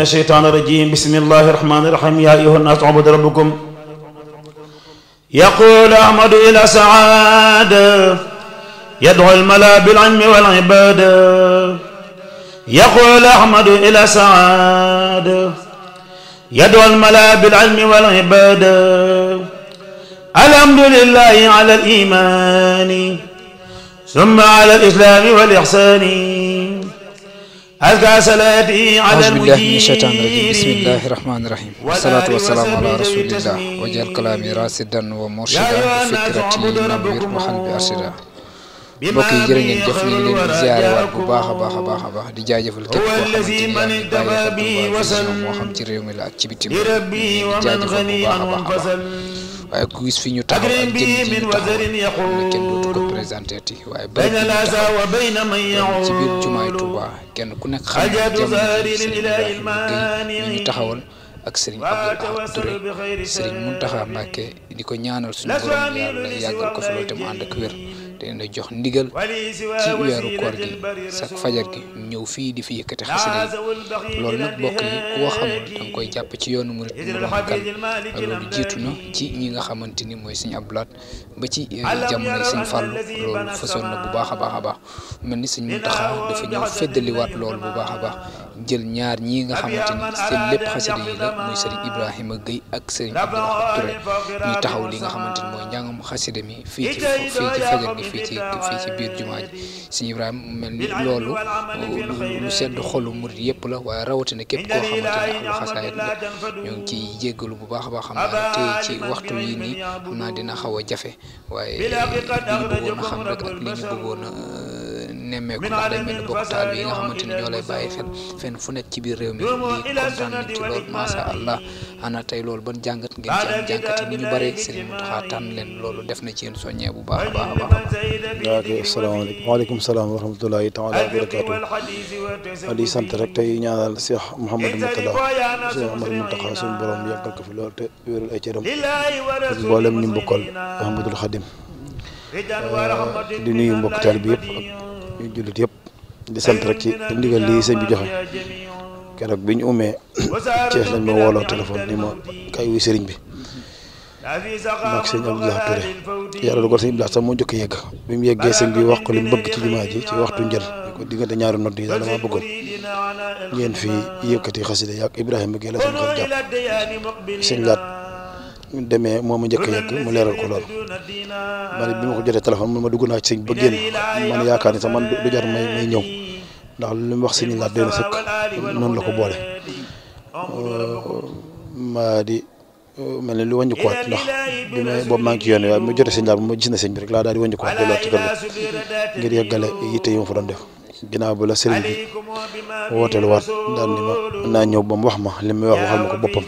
من الشيطان الرجيم بسم الله الرحمن الرحيم يا أيها الناس اعبدوا ربكم يقول أحمد إلى سعادة يدعو الملا بالعلم والعبادة يقول أحمد إلى سعادة يدعو الملا بالعلم والعبادة الحمد لله على الإيمان ثم على الإسلام والإحسان aousu billahi min sheytaan rajim bismillahi rahmaani rahim wasalaatu wasalaamu ala rasulillah wajal kalaami rasidan wa murshida wa fikrati nawwir wa qalbi arshida mbokk yi jërë ngeen jëf ñu ngi leen di ziare waat bu baax a baax a baax a baax di jaajëfal képp koo xamante ni yaa ngi bàyyi xel moo xam ci réew mi la ak ci bitim di jaajëfal bu baax a baax a baax waaye ku gis fi ñu taxaw ak jëm ji ñu taxaw kenn dootu ko représenté ti waaye bëri nañu ci biir jumaay Touba kenn ku nekk xam ne jamono ñu taxawal ak Serigne Abdou Lahad Touré Serigne Mountakha di ko ñaanal suñu borom ko fi mu ànd ak dina jox ndigal ci weeru koor gi sax fajar gi ñëw fii di fi yëkkati xasida yi loolu nag bokk koo xamul da koy jàpp ci yoonu murit mu doon kan loolu jiitu na ci ñi nga xamante ni mooy Sëñ Abdou Lahat ba ci eh, jamonoy Sëñ Fàllu loolu fësoon bu baax a baax a baax mel ni Sëñ Muntaxa dafa ñëw feddaliwaat loolu bu baax a baax jël ñaar ñi nga xamante ni seen lépp xasida yi la muy sëriñ Ibrahima Guèye ak sëriñ Abdou Lahad Touré ñuy taxaw li nga xamante ni mooy njàngam xasida mi fii ci fii ci fajar gi fii ci fii ci biir jumaa ji sëñ Ibrahima mel ni loolu lu sedd xolu murit yëpp la waaye rawatina képp koo xamante ni xasaayit la ñu ngi ciy bu baax a baax xam tey ci waxtu yi nii xam dina xaw a jafe waaye li ñu bëggoon xam rek ak ñu bëggoon nemmeeku ndax day mel bokk taal yi nga xamante ni ñoo lay bàyyi xel fenn fu nekk ci biir réew mi di kontaan nañ ci loolu macha allah ana tey loolu ban jàngat ngeen ci am jàngat yi ñu bëree Serigne Mountakha tànn leen loolu def na ci yéen soññee bu baax a baax a baax. waaw asalaamaaleykum waaleykum salaam wa rahmatulahi taala wa barakaatu di sant rek tey ñaanal Cheikh Mouhamadou Mountakha Cheikh Mouhamadou Mountakha suñu borom yàggal ko fi loolu te wéeral ay cëram ak mboolem Xadim di nuyu mbokk taal bi yëpp. ñu jullit yëpp di sant rek ci ndigal lii sëñ bi joxe keroog bi ñu umee Cees lañ ma wooloo téléphone ni ma kay wuy sëriñ bi maag sëñ Abdou Lahad Touré yàlla dogal sëñ Abdou Lahad sax moo njëkk a yegg bi mu yeggee sëñ bi wax ko li mu bëgg ci jumaa ji ci waxtu njël ko diggante ñaari nodd yi daal dama bëggoon ngeen fi yëkkati xasida yàgg Ibrahima Gueye la seen xel jàpp Laat mu demee moom mu njëkk yegg mu leeral ko loolu man bi ma ko jotee téléphone man ma dugg naa ci ba génn man yaakaar ni sax man du jar may may ñëw ndax lu mu wax sëñ laat doy na sëkk la ko boole maa di mel ne lu wàññi ko waat ndax bi ma maa ngi ci yoon waaye mu jotee sëñ laat ma gis na sëñ laa daal di wàññi ko waat ngir yeggale yitte yi doon def ginnaaw ba la sëriñ bi naa ñëw ba mu wax ma li muy wax waxal ma ko boppam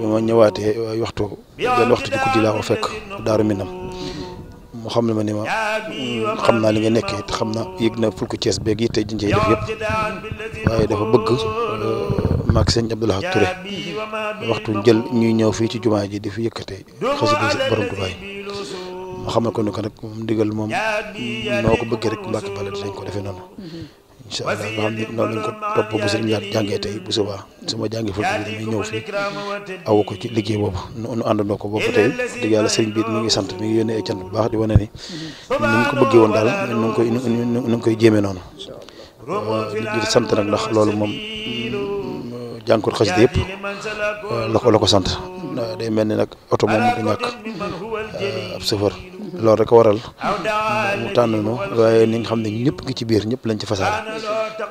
bi ma ñëwaatee waxtu benn waxtu ci guddi laa ko fekk daaru minam mu xam ne ma ni ma xam naa li nga nekkee te xam na yëg na fulku Thiès beeg yi tey ji def yëpp waaye dafa bëgg euh, maag sëñ Abdoul Ahad waxtu jël ñuy ñëw fii ci jumaa ji di fi yëkkatee xasida si ko ni ko noo ko bëggee rek mbàkk ko defee noonu incha allah noonu noonu lañ ko topp bu sëriñ jàngee tey bu subaa su ma jàngee ful bi damay ñëw fii awu ko ci liggéey boobu nu àndandoo ko boobu tey dëgg yàlla sëriñ bi mi ngi sant mi ngi yónnee ay bu baax di wane ni ni mu ko bëggee woon daal nu ngi koy nu ngi koy jéemee noonu euh, di sant nag ndax loolu moom mm, jànkuwut xasida yëpp euh, la ko la ko sant day mel ni nag oto moom du ñàkk euh, ab sëfër loolu rek waral mu tànn nu waaye ni nga xam ne ñépp ngi ci biir ñëpp lañ ci fasaal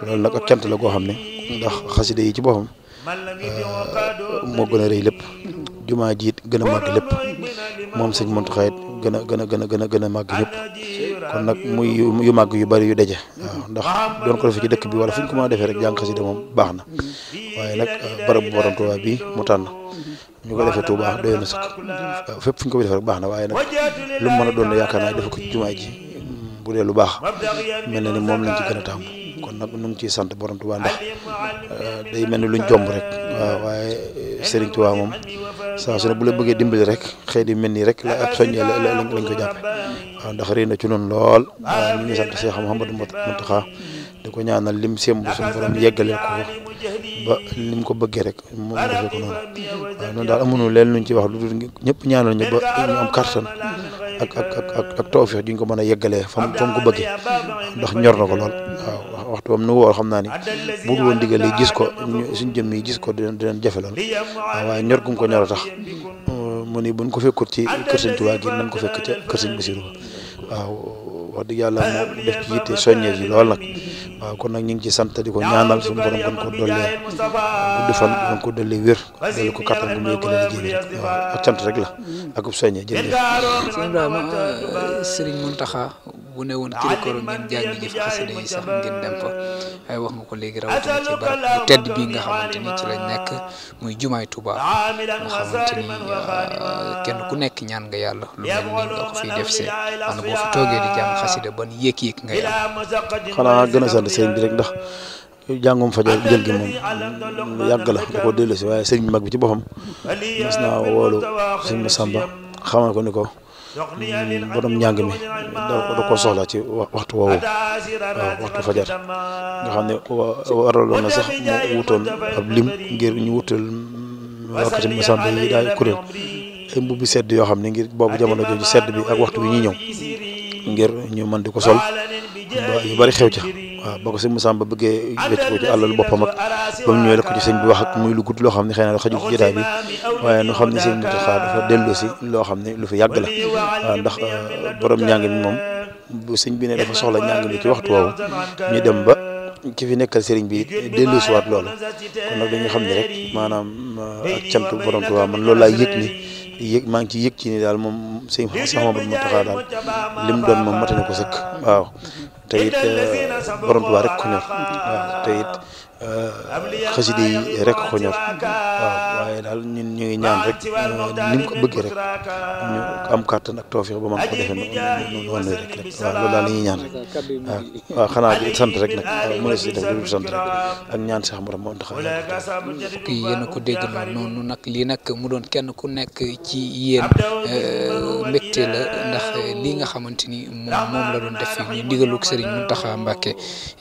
loolu nag ak cant la goo xam ne ndax xasida yi ci boppam euh, moo gën a rëy lépp jumaa jiit gën a màgg lépp moom sëñ Mountakha it gën a gën a gën a gën a gën a màgg ñëpp kon nag muy yu màgg yu bari yu daje ndax doon ko defee ci dëkk bi wala fi ñu ko mën defee rek jàng xasida moom baax na waaye nag euh, barab bu borom bi mu tànn ñu ko defee Touba doy na sax fépp fu ko defee rek baax na waaye nag lu mu mën a doon yaakaar naa def ko ci jumaa ji bu dee lu baax mel na ni moom lañ ci gën kon nag ñu ci sant borom Touba ndax euh, day mel ni luñ jomb rek waaye euh, Serigne Touba moom saa su ne bu la bëggee dimbali rek xëy di mel nii rek la ab soññee lañ ko jàppe waaw ndax rëy na ci noonu lool waaw ñu ngi sant Cheikh Mouhamadou Mountakha di ko ñaanal lim semb suñu borom yeggale ko wax ba lim ko bëggee rek mu defee ko noonu waaw noonu daal amuñu leen luñ ci wax lu dul ñëpp ñaanal ñu ba ñu am kartan ak ak ak ak ak ko mën a yeggalee fam fam ko bëggee ndax ñor na ko lool waaw waxtu bam nu woo xam naa ni bu dul woon digal gis ko suñ jëm yi gis ko dinañ dinañ jafe lool waaw waaye ñor ko ñor a tax mu ni buñ ko fekkut ci kër sëñ Tuubaa gi ko fekk ca kër sëñ Basiru waaw wax dëgg yàlla moo def ci yitte soññee ji lool nag waaw kon nag ñu ngi ci sant di ko ñaanal suñu borom gën ko dolli gudd fan ko dolli wér dolli ko kattan bu muy gën a liggéey bi rek waaw ak cant rek la ak ub soññe jërëjëf sëñ Ibrahima sëriñ Muntaxa bu ne woon kirikoro ngeen jàng jëf xasida yi sax ngeen dem fa waaye wax nga ko léegi rawatina ci barab tedd bi nga xamante ni ci lañ nekk muy jumaay Tuubaa nga xamante ah, kenn ku nekk ñaan nga yàlla lu mel ni nga ko fiy def see maanaam boo fi toogee di jàng xasida ban yéeg-yéeg nga yàlla xanaa gën a sant sëñ bi rek ndax jàngum fajar jël gi moom yàgg la da dellu si waaye sëñ bi mag bi ci boppam mas naa woolu sëñ Masamba xamal ko ni ko borom njàng mi da ko soxla ci waxtu woowu waaw waxtu fajar nga xam ne waraloon na sax mu wutoon ab lim ngir ñu wutal wakkati masamba yi daay kuréel ay mbubbi sedd yoo xam ne ngir boobu jamono jooju sedd bi ak waxtu bi ñuy ñëw ngir ñu mën di ko sol ba yu bari xew ca waaw ba ko sëñ Massamba bëggee wecc ko ci àllal boppam ak ba mu ñëwee la ko ci sëñ bi wax ak muy lu gudd loo xam ne xëy na xajul ci jotaay bi waaye nu xam ne sëñ si loo xam ne lu fi yàgg la ndax uh, borom njàng mi moom bu sëñ bi ne dafa soxla njàng mi ci wax tu woowu ñu dem ba ki fi nekkal sëriñ bi dellu si waat loolu kon nag xam ne rek maanaam uh, ak cant borom Tuubaa man loolu laay yëg ni yëg maa ngi ci yëg ci ni daal moom sëñ Mouhamadou Mountakha daal lim doon moom mate ko sëkk waaw te it borom Tuubaa rek ku neex waaw te it Euh, xasida yi rek ko ñor waaw waaye daal ñun ñu ngi ñaan rek euh, ni mu ko bëggee rek ñu am kàttan ak tawfiix ba mën ko defee ñuy ñaan rek waaw rek nag mu ne si def lu sant rek ak ñaan sax mu moo tax ko dégg noonu nag lii nag mu doon kenn ku nekk ci yéen euh, mbégte la ndax lii nga xamante ni moom moom la doon def fii ñu digalug Serigne Mountakha Mbacké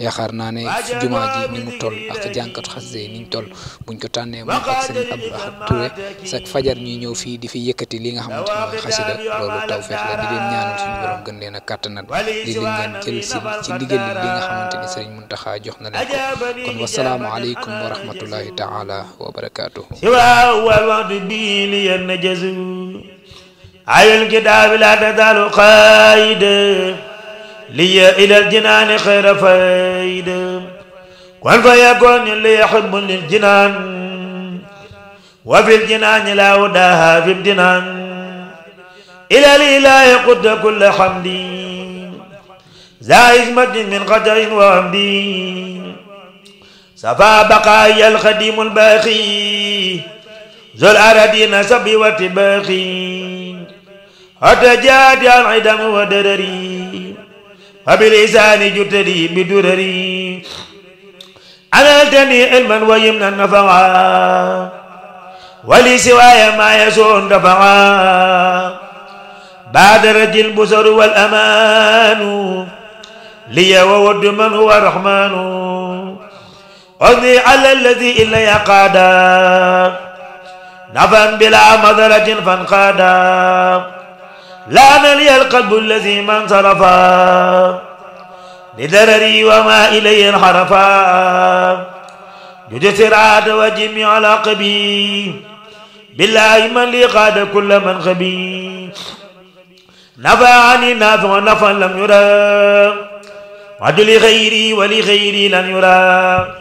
yaakaar naa ne jumaa ji ni mu toll ak jànkat xasida yi niñ toll buñ ko tànnee moom ak sëñ Abdou Ahad Touré chaque fajar ñuy ñëw fii di fi yëkkati li nga a ne mooy xasida loolu taw feex la di leen ñaanal suñu borom gën leen a kàttanal di leen ñaan jël si ci ndigal li nga a ni sëriñ Muntaxa jox na leen ko kon wasalaamu aleykum wa rahmatullahi taala wa barakaatuhu على الكتاب لا تزال قائدا لي والفيكون اللي يحب للجنان وفي الجنان لا وداها في الجنان إلى الإله قد كل حمد ذا عزمة من قدر وهمد صفا بقايا القديم الباقي ذو الأردين سبي وتباقي أتجاد عن عدم ودرري وبالإسان جتري بدرري amaltani ilman wa yimnan nafa'a wali siwaaya maa yasun dafa'a baada rajil busaru wal amaanu liya wa waddu man huwa rahmaanu ozni ala alladi illa yaqaada nafan bila madaratin fanqaada laana liya alqalbu alladi man sarafa لدرري وما إلي انحرفا جد سرعات وجميع على قبي بالله من لي قاد كل من غبي نفع عني نافع نفع لم يرى وعد لغيري ولغيري لن يرى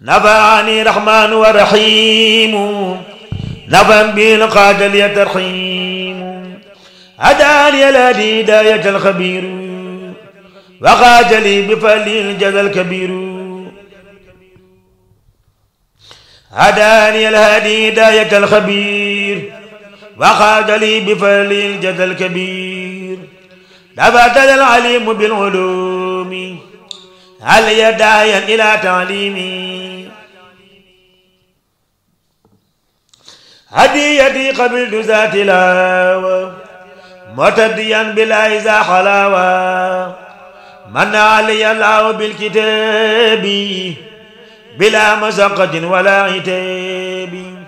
نفعني رحمن ورحيم نفا بالقاتل يترحيم هداني الهدي داية الخبير وقاتلي بفعل الجزى الكبير هداني الهدي داية الخبير وقاتلي بفعل الجزى الكبير نفذ العليم بالعلوم هل يدايا إلى تعليمي hadiyati qabiltu zaati laawa mutadiyan bilaahi za xalaawa manna alayya laahu bilkitaabi bilaa masaqatin wala itaabi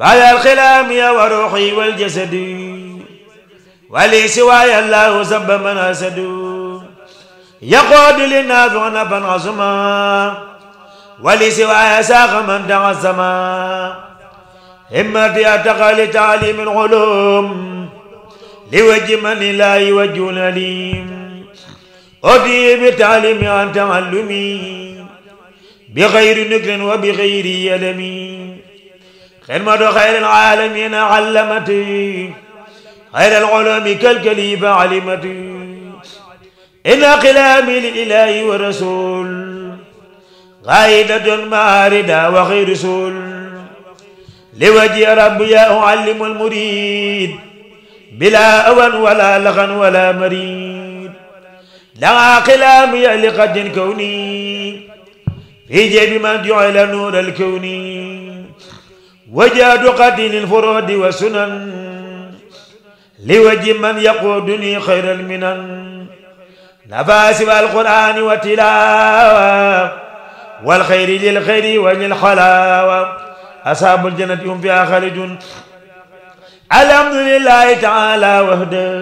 baada alxilaami wa ruuxi wal jasadi wali siwaaya laahu sabba man asadu yaqoodu linnaafi nafan asuma wali siwaaya saaqa man taxasama همتي أتقى لتعليم العلوم لوجه من لا وجه أليم أتي بتعليم عن تعلمي بغير نكر وبغير يلم خدمة خير العالمين علمتي خير العلوم كالكليب علمتي إن قلامي للإله والرسول غايدة ماردة وخير رسول liwaji rabbu ya uallimu almurid bila awan wala laxan wala marid laa xilaam ya li qadin kawni fi jeebi man jucila nuur alkawni wajaadu qadin alfurudi wa sunan liwaji man yaquduni xayra alminan nafaasi wa alqurani wa tilawa walxayri lilxayri wa lilxalawa ashaabul jannati hum fiha xaalidun alhamdulillahi taala wahda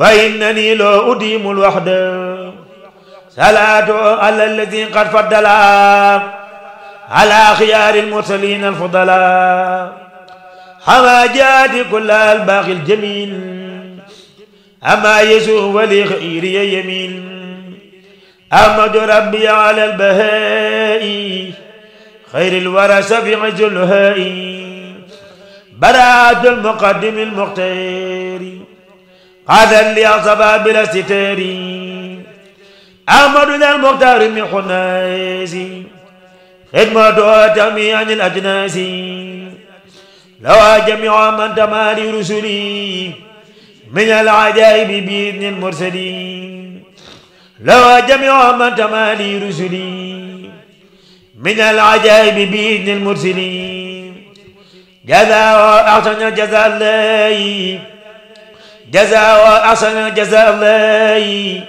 wa innani loo udimul wahda salaatu ala alladi qad faddala ala xiyaari almursalin alfudala xama jaati kulla albaaqi aljamil ama yesu wali xayriya yamin amadu rabbi ala albahai خير الورى شفيع جلهائي براءة المقدم المختار هذا اللي أصفى بلا ستار أحمد ذا المختار من حناس خدمته تغني عن الأجناس لو جميع من تمالي رسلي من العجائب بإذن المرسلين لو جميع من تمالي رسلي من العجائب بإذن المرسلين جزاء أحسن جزاء الله جزاء أحسن جزاء الله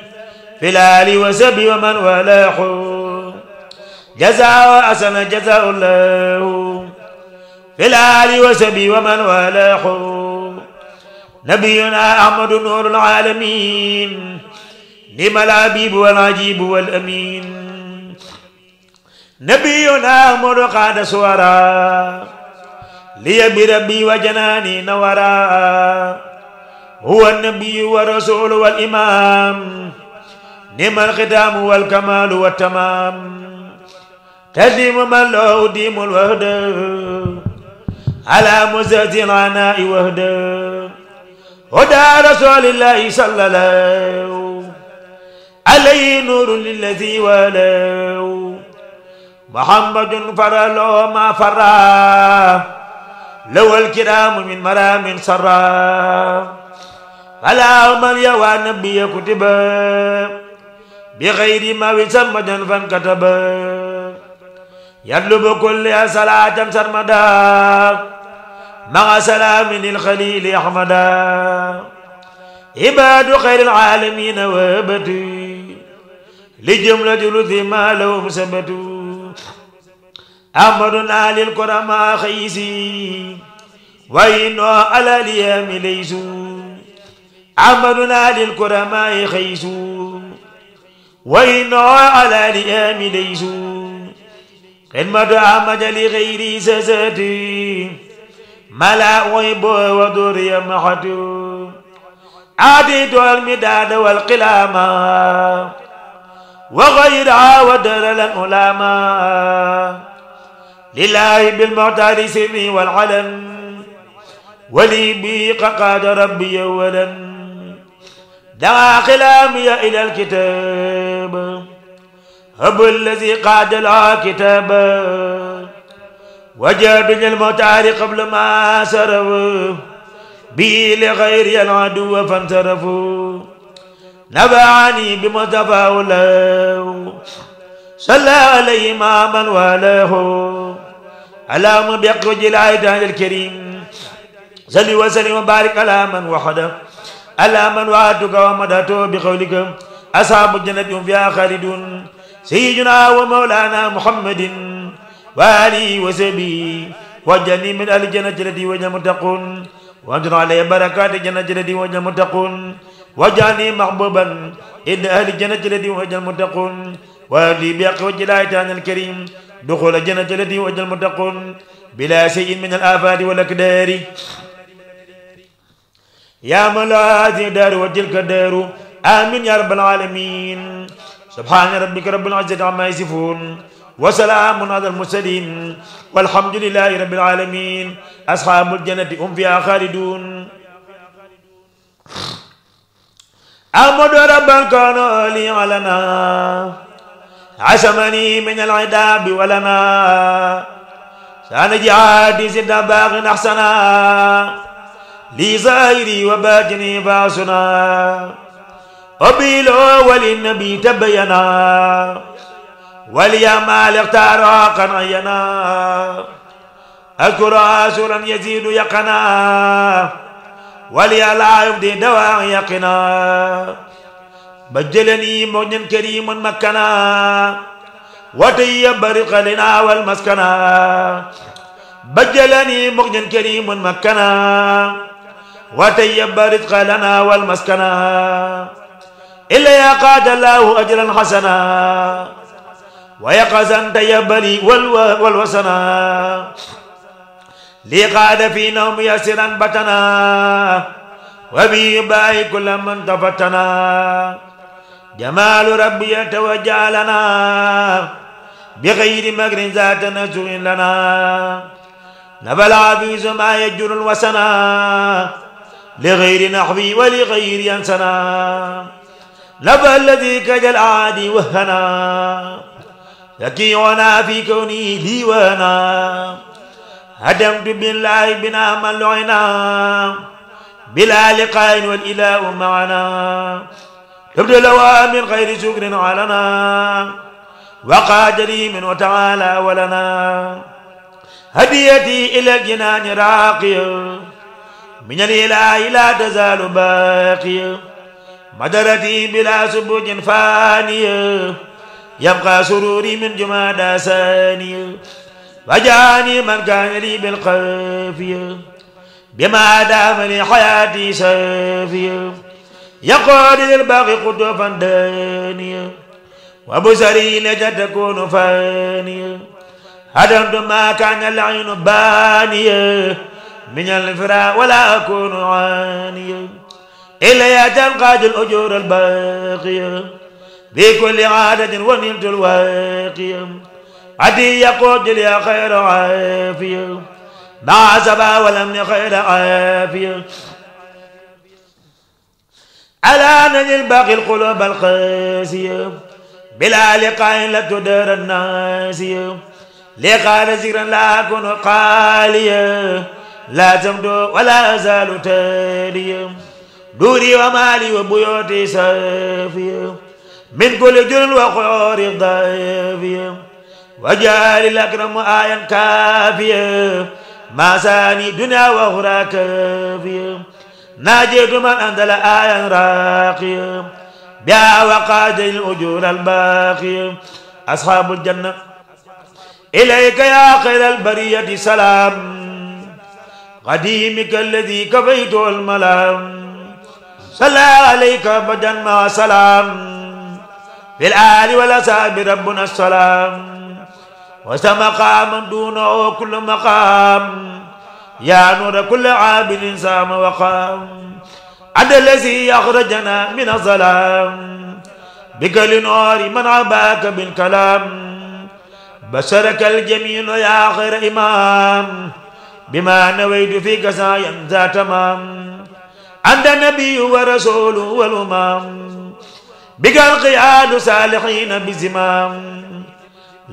في الآل وسب ومن والاه جزاء أحسن جزاء الله في الآل وسب ومن والاه نبينا أحمد نور العالمين نعم الحبيب والعجيب والأمين نبينا مرقاد سورا لي بربي وجناني نورا هو النبي والرسول والإمام نعم الختام والكمال والتمام تسليم من له ديم الوهد على مزهد العناء وهد هدى رسول الله صلى الله عليه نور للذي ولاه محمد فرلو ما فرا لو الكرام من مرام سرا فلا من يوى نبي كتب بغير ما وسمد فانكتب يطلب كل صلاة سرمدا مع سلام الخليل أحمدا عباد خير العالمين وابدي لجملة ثلث ما لهم سبتوا أمرنا للكرماء خيسي وإنه على اليام ليس أمرنا للكرماء خيس وإنه على اليام ليس خدمة أحمد لغير سسد ملا ويب ودور يمحد عديد المداد والقلامة وغيرها ودر العلماء لله بالمعتاد سري والعلن ولي بي قاد ربي ولن دعا قلامي إلى الكتاب هب الذي قاد لها كتابا وجاب المعتاد قبل ما سروا بي لغير العدو فانترفوا نبعني بمصطفى ولاه صلى عليه ما من والاه اللهم بإخراج الآية الكريم صل وسلم وبارك على من وحده على من وعدتك ومدته بقولك أصحاب الجنة هم فيها خالدون سيدنا ومولانا محمد وآله وصحبه وجني من أهل الجنة التي وجه متقون وأجر علي بركات الجنة التي وجه متقون وجعلني محبوبا إن أهل الجنة التي وجه متقون وأهلي بأقوى الآية الكريم duxul aljannata allati wa'ida almuttaqun bila shay'in min al-afaati wal akdaari yaa man lahu haadihi daaru wa tilka daaru amin ya rabbal alamin subhaana rabbika rabbil izzati amma yasifuun wa salaamun alal mursaliin walhamdulillahi rabbil alamin ashaabul jannati hum fiihaa xaaliduun ahmadu rabban kaana li alanaa asamani min al-idabi walana saana jihaadi sidda baaxin axsana li zahiri wa baatini faasuna qabiloo walinabi tabayana waliyamaal ixtaara qanayana akura suran yazidu yaqana waliya laa yubdi dawaa yaqina ba jëlani mawjan karimun makkana wa tayya bariqa lina wal maskana ba jëlani mawjan karimun makkana wa tayya bariqa lana wal maskana illa ya qaadallahu ajran hasana wa yaqazan tayabbali wal wal wasana lii qaada fi nawm yasiran batana wa bi bàyyi kulla man tafattana jamaalu rabbiya tawajjalanaa bi xayri magrin zaata nasuxin lanaa nabal aziizu maa yajurul wasanaa li xayri naxwi wa li xayri yansanaa naba alladi kajal aadi wahanaa yakiiwanaa fi kawni lii wahanaa hadamtu billaahi binaa man luinaa bilaa liqaayin wal ilaahu maanaa تبدلوا من غير شكر علنا وقادري من وتعالى ولنا هديتي إلى الجنان راقي من الإله لا تزال باقي مدرتي بلا سبوج فاني يبقى سروري من جمادى ثاني وجاني من كان لي بالقافية بما دام لحياتي سافيه يقعد للباقي قطوفا دانيا وبصري نجا تكون فانيا هدمت ما كان العين بانيا من الفراء ولا أكون عانيا إلا تنقاد الأجور الباقية بكل عادة ونلت الواقية عدي يقود لي خير عافية مع سبا ولم خير عافية ألا نجل باقي القلوب القاسية بلا لقاء لا تدار الناسية لقاء ذكرا لا أكون قاليا لا تمدو ولا أزال تاليا دوري ومالي وبيوتي سافية من كل جن وخير ضافية وجعل الأكرم آيا كافية ما ساني دنيا وأخرى كافية ناجيت من أنزل آيا راقيا بها وقاد الأجور الباقية أصحاب الجنة إليك يا خير البرية سلام قديمك الذي كفيت الملام صلى عليك أبدا مع سلام في الآل والأصحاب ربنا السلام وسمقام دونه كل مقام yaa nuura kulli aabidin saama wa qaam adalazi axrajana min azalaam bika li noori man abaaka bil kalaam basharaka aljamiilu yaa xayra imaam bima nawaytu fi kasaayan za tamaam anta nabiyu wa rasuulu wal umaam bika alqiyaadu saalihiina bi zimaam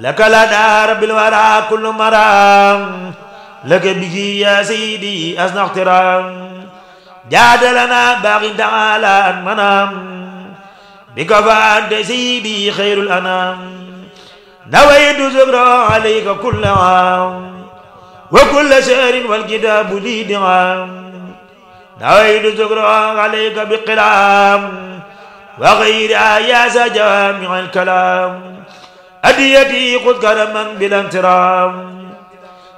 laka la daara bil waraa kullu maraam laka bihi ya sayyidi asna ixtiraam jaadalana baaqin taala an manaam bika fa anta sayyidi xayrul anaam nawaytu zubra alayka kulla aam wa kulla shahrin wal kitaabu li di'aam nawaytu zubra alayka bi qilaam wa xayriha ya sa jawaami al kalaam adiyati xud karaman bil ihtiram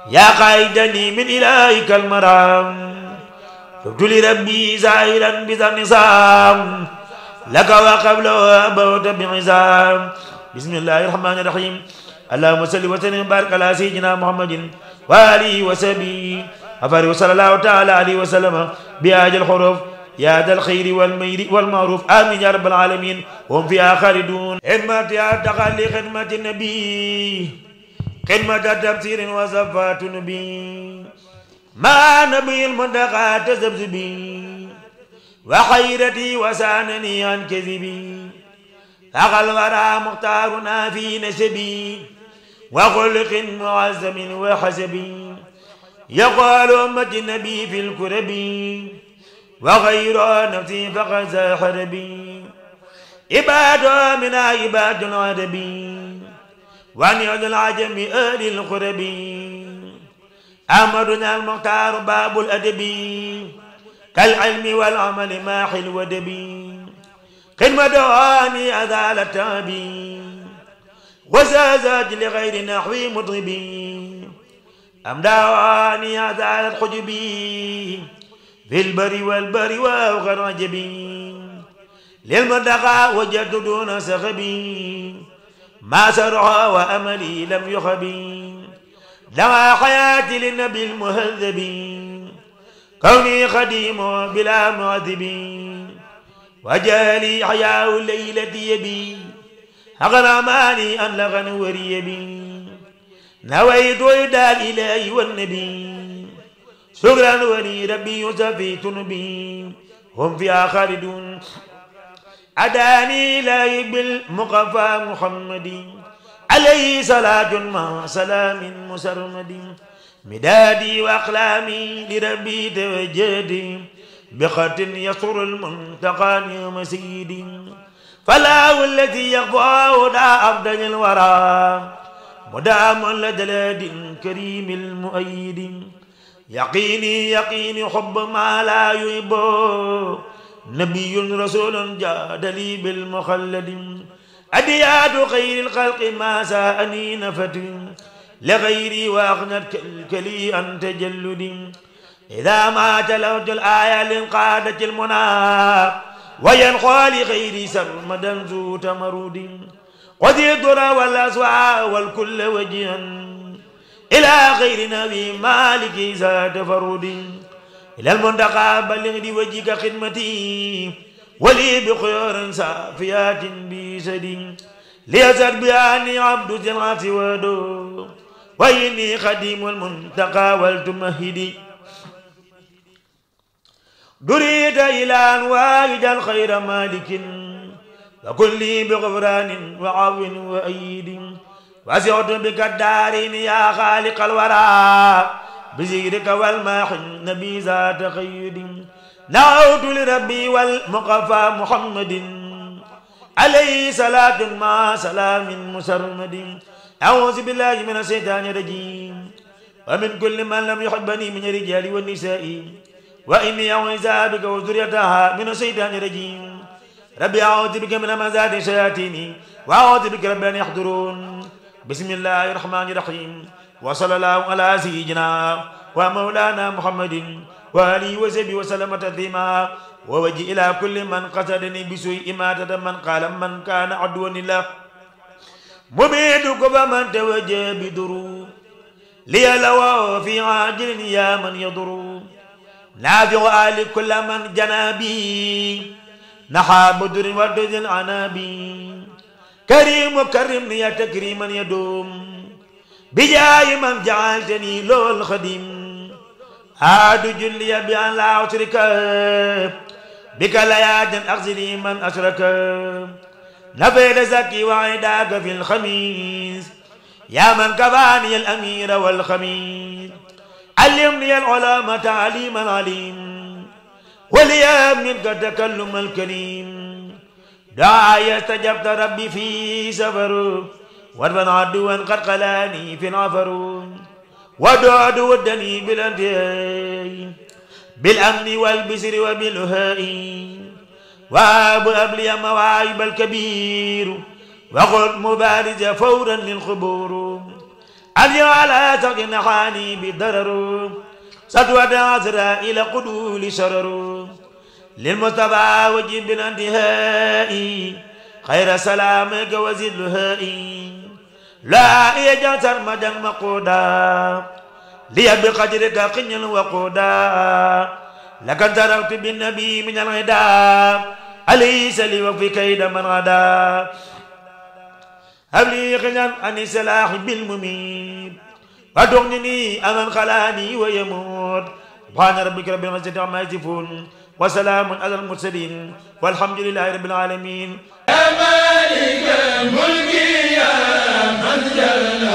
yaa qaa'idani min ilaahika almaram tubtu li rabbi zaahiran bi zanisam laka wa qabla wa bawta bi izam bismillahi rahmani rahim allahumma salli wa sallim barik ala sayyidina muhammadin wa alihi wa sahbihi afari wa sallallahu taala alayhi wa sallama bi ajal xuruf يا ذا الخير والمير والمعروف آمين يا رب العالمين هم فيها خالدون خدمة يا تقل لخدمة النبي xidmata tabsirin wa safatun bi ma nabiy almuntaqa tasabsu bi wa xayrati wa saanani an kazibi axal wara muxtaaruna fi nasabi wa xuluqin muazzamin wa xasabi yaqaalu ummati nabi fi lkurabi wa xayra nafsi faqad harabi ibaadu mina ibaadu adabi وعن يعد العجم أهل القرب أمرنا المختار باب الأدب كالعلم والعمل ما حلو دبي خدمة دواني أزال التعبي وزازات لغير نحوي مطربي أم دواني أزال الحجبي في البر والبر وغرجبي للمدقى وجدت دون سخبي ما سرها وأملي لم يخبي دعا حياتي للنبي المهذب كوني خديم بلا معذب وجالي حياء الليلة يبي أغرماني أن لغن وريبي نويت ويدال إلهي والنبي شكرا ولي ربي يصفي تنبي هم فيها خالدون adaani lay bil muqafa muhammadi alayhi salaatun ma salaamin musarmadi midaadi wa aqlaami li rabbi tawajjadi biqatin yasur almuntaqa yawma sayyidi falaahu allati yaqfaahu daa abdal alwara mudaamun lada ladin karimi almuayyidi yaqini yaqini hubb ma laa yuhibbu نبي رسول جادلي بالمخلد أبيات خير الخلق ما ساءني نفت لغيري وأغنت كلي عن تجلد إذا ما تلوت الآية لانقادت المنى وينقى لغيري سرمدا ذو تمرد قد ترى والأسوأ والكل وجها إلى غير نبي مالك ذات فرد إلى المنتقى بلغ لي وجهك خدمتي ولي بخيار صافيات بسد ليزد بأني عبد العاصي ودو وإني خديم المنتقى والتمهدي دريد إلى أن والد الخير مالك وكن لي بغفران وعفو وأيد وسعت بك الدارين يا خالق الورى بزيرك والماح نبي ذا تقيد نعوت لربي والمقفى محمد عليه صلاة مع سلام مسرمد أعوذ بالله من الشيطان الرجيم ومن كل من لم يحبني من الرجال والنساء وإني أعوذ بك وذريتها من الشيطان الرجيم ربي أعوذ بك من مزات شياطيني وأعوذ بك رب أن يحضرون بسم الله الرحمن الرحيم وصلى الله على سيدنا ومولانا محمد وآله وصحبه وسلم تسليما ووجه إلى كل من قصدني بسوء إماتة من قال من كان عدوا لله مميتك فمن توجه بدرو لي لو في عاجل يا من يضر نافع آل كل من جنابي نحى بدر ودز العنابي كريم كرمني تكريما يدوم bijaayi man jaaltani lool xadim haadu julliya bi an laa usrika bika layaajan axsini man ashraka nafeeda zakki waxay daaka fi lxamis yaa man kafaani al amira walxamis allimni al ulama taaliman alim waliya minka takallum alkarim daa yastajabta rabbi fi safaru وادفع عدوا قد قلاني في العفر ودعد ودني بالانتهاء بالامن والبسر وبالهاء واب ابلي مواعب الكبير وقل مبارز فورا للخبور أبي على تقن حالي بضرر سدوة عذراء إلى قدول شرر للمصطفى وجب الانتهاء خير سلامك وزد لهائي laa iya jantar ma jang ma quudaa liya bi qadrika qiñal wa quudaa lakad taraktu bi nabi min al idaa alaysa li wa fi kayda man adaa habli qiñan ani salaahi bil mumid wa dugnini aman khalaani wa yamut subhaana rabbika rabbil izzati amma yasifun wa salaamun alal mursalin walhamdulillahi rabbil alamin man jalla